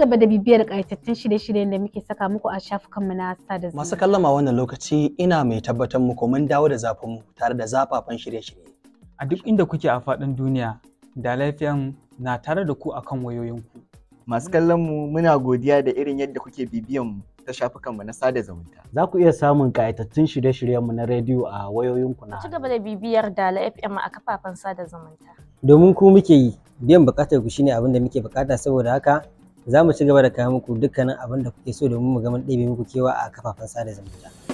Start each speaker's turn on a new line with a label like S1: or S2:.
S1: gaba da bibiyar ƙayatattun shirye-shiryen da muke saka muku a shafukanmu na sada zumunta. Masu kallama
S2: wannan lokaci ina mai tabbatar muku mun dawo da zafinmu
S3: tare da zafafan shirye-shirye.
S4: A duk inda kuke a faɗin duniya, da lafiyan na tare da ku akan wayoyinku.
S3: Masu kallon muna godiya da irin yadda kuke bibiyan mu ta shafukanmu na sada zumunta.
S5: Za ku iya samun ƙayatattun shirye-shiryenmu na rediyo a wayoyinku
S6: na. gaba da bibiyar Dala FM a kafafen sada zumunta.
S7: Domin ku muke yi, biyan buƙatar ku shine abin da muke buƙata saboda haka za mu ci gaba da kawo muku dukkanin abin da kuke so domin mu ga mun ɗebe muku kewa a kafafen sada zumunta